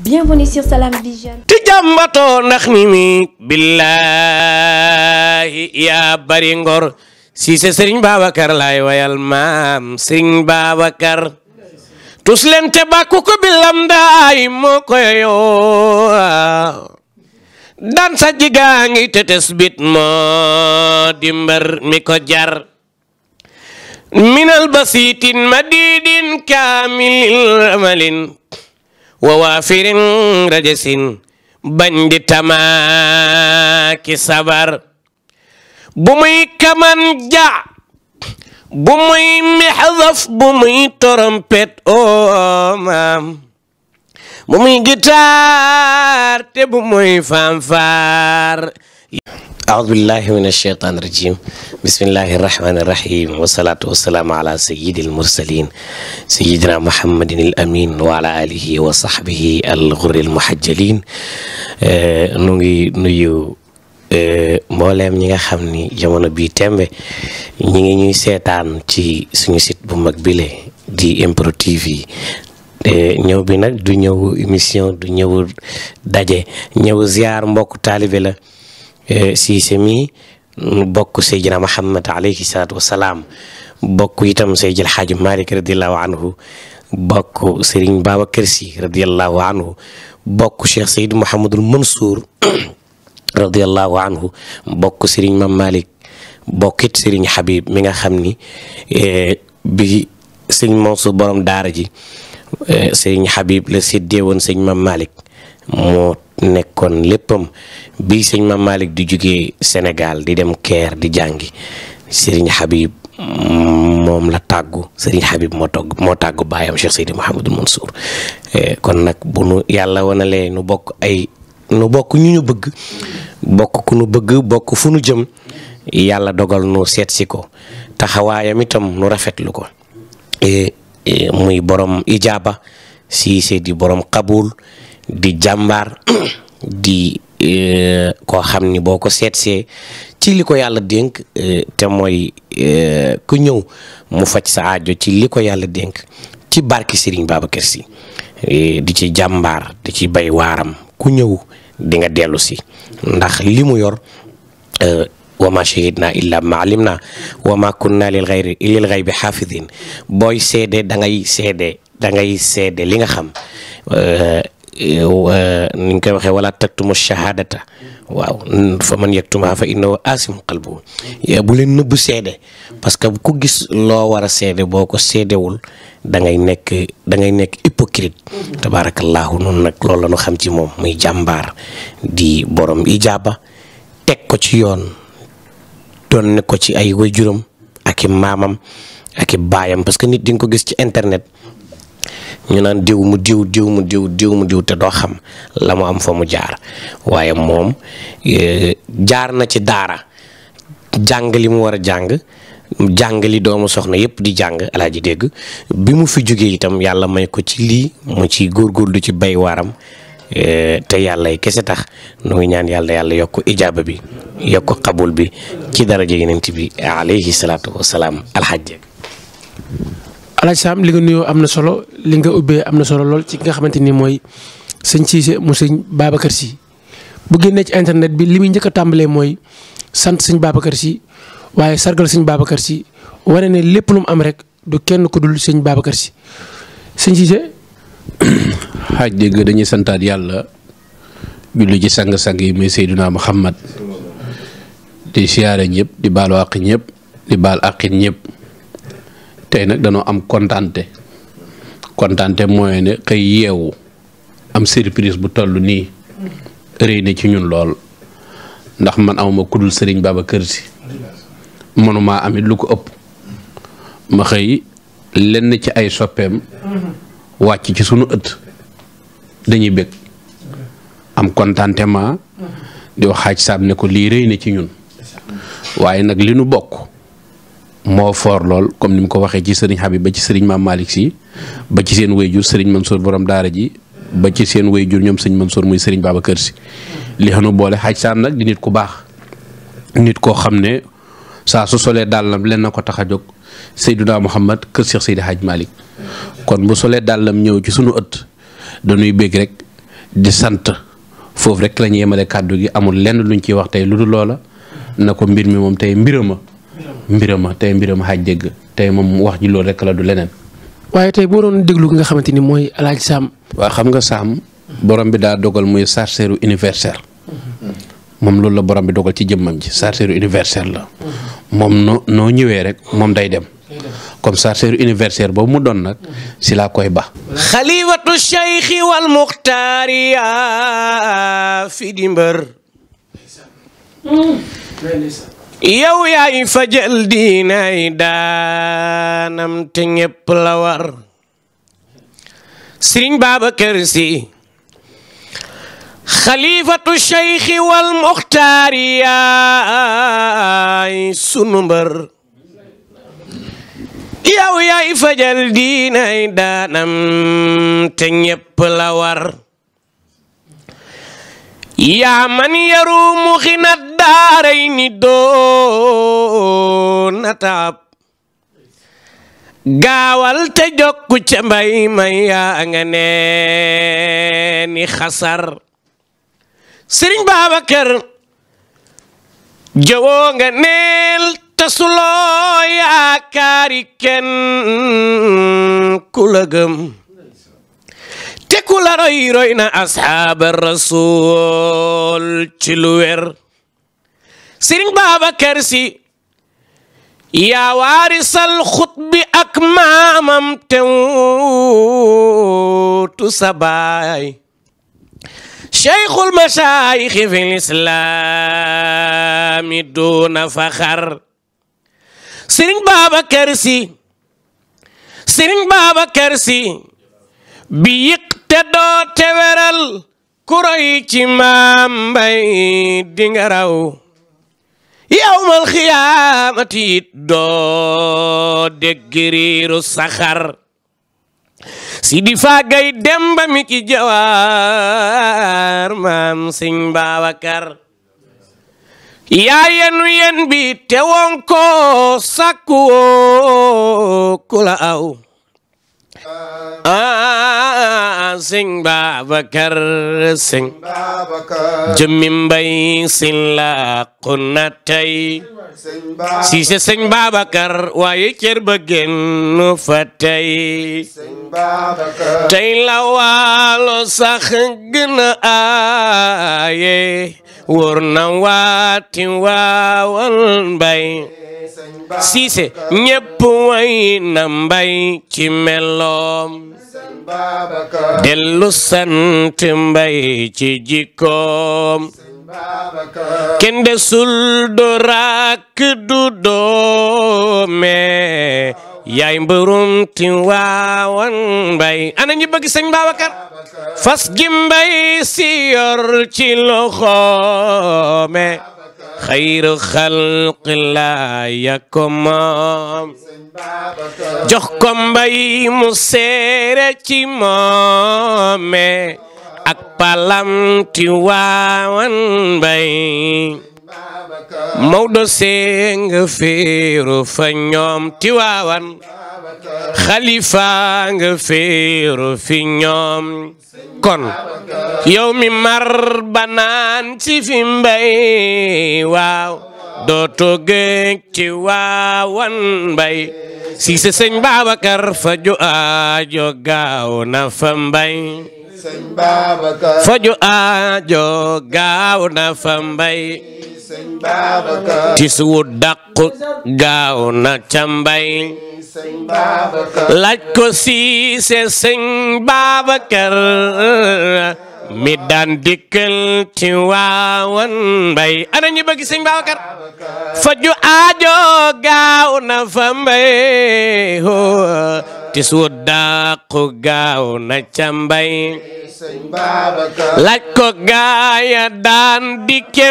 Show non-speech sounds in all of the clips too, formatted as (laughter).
Bienvenue sur ti jàmbatoo ndax billaahi yaa bari ngor si se sëriñ Babacar laay maam sëriñ Babacar tus leen te bàkku ko bilam te tesbit moo di mi ko jar minal basiitin madidin kaamilil amalin wa waafirin rajasin bandi tamaaki sabar bu muy kaman ja bu muy mexdaf bu muy trompette oo bu muy gitaar te bu muy fanfar ahousubillahi min alcheytan irajim bismillahi irrahmani irrahim wasalatu wasalaamu ala sayidi almoursalin sayidina mohammadin al amin wa ala alihi wa sahbihi al ghurri al muhajjalin eh, nu ngi nuyu eh, mbooleem ñi nga xam ni jamono bii tembe ñi ngi ñuy seetaan ci suñu site bu mag bile di MPROD TV eh, ñëw bi nag du ñëw émission du ñëw daje ñëw ziar mbokk taalibe la Eh, siise mi mm, bokk Seydina Muhammad alayhi salaatu wasalaam bokk itam Seydil Xaaju Malik radiallahu anhu bokk Serigne Babacar Sy radiallahu anhu bokk Cheikh Seyd Mouhamadul (clears throat) radiallahu anhu bokk Serigne Mam Malik bokkit Serigne Habib mi nga xam ni eh, bi Serigne Mansour borom daara ji eh, Serigne Habib la séddee woon Serigne Mam Malik moo nekkoon léppam bi sëñ Maam Malick di jóge Sénégal di dem ker di jàngi Serigne Habib moom la tàggu Serigne Habib moo togg moo tàggu baayam Cheikh Seydi Mouhamadul eh, kon nag bu yàlla wanalee nu bokk ay nu bokk ñu ñu bëgg bëgg bokk fu nu jëm yàlla dogal nu seet si ko taxawaayam itam nu rafetlu ko eh, eh, muy borom ijaaba si Seydi borom qabuul di jàmbaar (clears throat) di eh, koo xam ni boo ko seetsee ci li ko yàlla dénk eh, te mooy eh, ku ñëw mu faj sa aajo ci li ko yàlla dénk ci barki Serigne Babacar Sy di ci jàmbaar di ci bay waaram ku ñëw di nga dellu si ndax li mu yor wa ma shahidna illa ma alimna wa ma kunna lil ghayri lil ghaybi xaafidin booy seede da ngay seede da ngay seede li nga xam Eh, ni koy waxee wala taktumu shahadata waaw fa man yaktumaa fa innahu aasimun qalbuhu eh, bu leen nëbb seede parce que ku gis loo war a seede boo ko seedewul dangay ngay nekk da ngay nekk hypocrite tabaarakallaahu noonu nag loolu la ñu xam ci moom muy jàmbaar di boroom ijaaba teg ko ci yoon doon ne ko ci ay juróom ak i maamam ak i baayam parce que nit di nga ko gis ci internet ñu naan diw mu diw diw mu diw diw mu diw te doo xam la mu am fa mu jaar waaye moom eh, jaar na ci daara jàng li mu war a jàng jàng li doomu soxna yépp di jàng alaaji dégg bi mu fi jógee itam yàlla may ko ci lii mu ci góorgóorlu ci bay waaram eh, te yàlla kese tax nu ñaan yàlla yàlla yokk ijaaba bi yokk xabul bi ci daraja yenent bi alayhi salaatu wasalaam alxaj Alaaji Saam li nga nuyoo am na solo li nga ubbee am na solo lool ci nga xamante ni mooy sëñ Cissé mu sëñ Babacar si bu génnee ci internet bi li muy njëkk tàmbalee mooy sant sëñ Babacar si waaye sargal sëñ Babacar si wane ne lépp lu am rek du kenn ku dul sëñ Babacar Sy sëñ Cissé. (coughs) xaaj dégg dañuy santaat yàlla julli ci sang-sang yi muy Seydunaa Muhammad di siyaare ñëpp di baal wàq ñëpp di baal àqit ñëpp. tey nag danoo am kontante kontante mooy ne xëy yeewu am surprise bu toll nii rëy na ci ñun lool ndax man amuma kudul sëriñ kër Si mënumaa amit lu ko ëpp ma xëy lenn ci ay soppeem wàcc ci sunu ëtt dañuy bëgg am contentement di wax xaaj saab ne ko lii rëy na ci ñun waaye nag li nu bokk moo foor lool comme ni mu ko waxee ci sëriñ Habib ba ci sëriñ maam maalik si ba ci seen wéyjur sëriñ Mansour borom daara ji ba ci seen jur ñoom sëñ Mansour muy sëriñ kër si li xanu boole xaaj saam nag di nit ku baax nit koo xam ne saa su solee dàllam lenn na ko tax a jóg Seydunaa Muhammad kër Cheikh Seydi Hadj Malick kon bu solee dàllam ñëw ci sunu ëtt dañuy bég rek di sant foofu rek la ñu yemale kàddu gi amul lenn luñ ciy wax tey lu dul loola na ko mbir mi moom tey mbirama mbirama tey mbirama xaaj dégg tey moom wax ji loolu rek la du leneen. waaye tey boo doon déglu ki nga xamante ni mooy alaaj Saam. waaw xam nga Saam borom bi daa dogal muy chargeur universel. moom loolu la borom bi dogal ci jëmmam ji chargeur universel la. moom noo ñëwee rek moom day dem. comme chargeur iniversaire boobu mu doon nag si laa koy ba. xalifatu cheikhi wal muxtaariya fi di mbër. yow yaay fajal diinay daanam te ñépp la war Sëriñ Babacar Si xalifatu cheikhi wal muxtaar yaay sunu mbër yow yaay fajal diinay daanam te ñépp la war yaa man yaru mu xinat daaray ni doon na gaawal te jokku ca mbay may yaa nga xasar sëriñ Babacar jawoo nga neel te suloo yaakaari ku la gëm te ku la roy roy na asxaaba rasul ci lu sëriñ Babacar Si yaa waarisal xutbi ak maamam te wuutu sa baay cheikhul machaayixi fi lislaami duuna faxar sëriñ Babacar Si sëriñ Babacar Si bi yëq te doo te weral ku roy ci maam mbay di nga raw yawmal xiyaamati doo dégg riiru saxar si di faagay demba mi ki jawaar maam sëñ Babacar yaa yen bi te woon ko sakku la aw ah sëñ Babacar sëñ jëmmi mbay sëñ làqu na tey si se sëñ Babacar waaye cër ba génn fa tey tey la waalo sax gën a aaye wóor na waati waawal mbay siise ñépp way na mbay ci meloom dellu sant mbay ci jikkoom kenn desul do rakk du doome yaay mbërum ti waawan mbay ana ñi bëgg sëñ fas gi mbay si yor ci loxoome xayru xalqilaa ya ko moom jox ko mbay mu seere ci moome ak palam ti waawan mbay Maodo seng féeru fa ñoom ti waawan xalifa nga féeru fi ñoom kon yow mi mar banaan ci fi mbay waaw dooto geek ci waawan mbay si se sëñ Babacar faju aajo gaaw na fa mbay faju aajo gaaw fa mbay tis wu dàqu gaaw na ca mbay laaj ko siise sëñ Babacar mi daan dikkal ci waawan mbay ana ñu bëgg sëñ Babacar faju aajo gaaw na fa mbay tis wu daaqu gaaw na ca mbay laaj ko gaaya daan dikke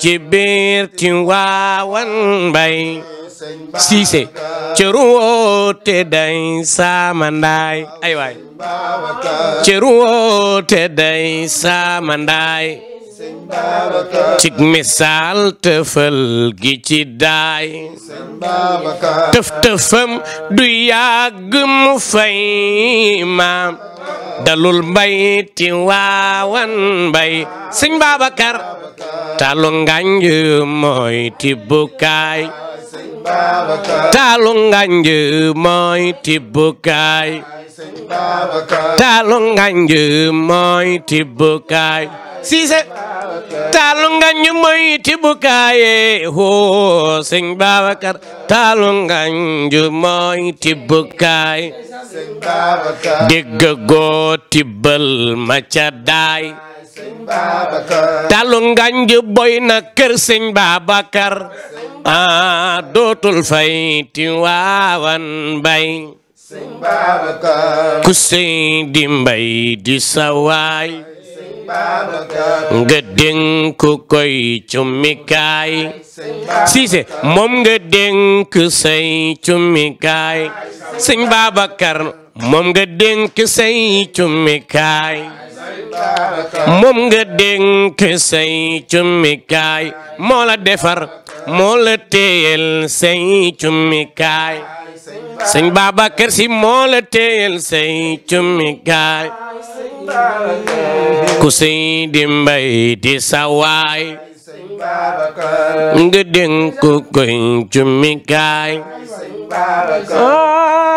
ci biir ci waawan mbay siise ceerum woote day sama ndaay ay waay ceerum woote day sama ndaay cik misaal tëfal gi daay tëf tëfam du yàgg mu fay maam dalul mbay ti waawan mbay sëñ Babacar talu nganj mooy ti bukaay taalu nganj mooy tibbukaay taalu nganj mooy tibbukaay siise taalu nganj mooy tibbukaay hoo sëñ Babacar taalu nganj mooy tibbukaay dégg goo tibbal ma ca daay talu ngañ boy na kër sëñ Babacar a dootul fay ti waawan bay ku sëñ di mbay di sawaay nga dénk koy cummikaay siise moom nga dénk say cummikaay sëñ Babacar moom nga dénk say cummikaay moom nga dénk say cummikaay moo la defar moo la téyel say cummikaay sëñ Babacar Si moo la téyel say cummikaay ku say dimbay di sawaay nga dénk koy cummikaay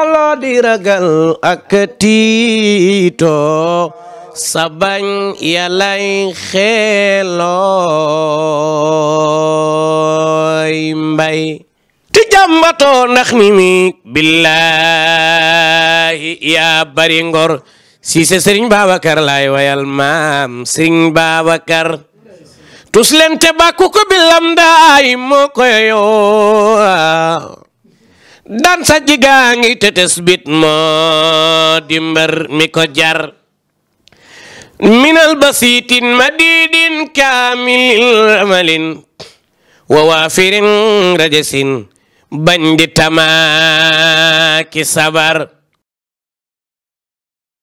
loo di ragal ak tiitoo sabañ yalay xeelooy mbay ti jàmbatoo ndax mi mi billaahi yaa bari ngor si se sëriñ wayal maam sëriñ Babacar tuslente bàkku ko bi lamdaay moo koyoo dan sa ngi te tesbit moo di jar minal basiitin madiidin kaamilil amalin wa waafirin rajasin bañ sabar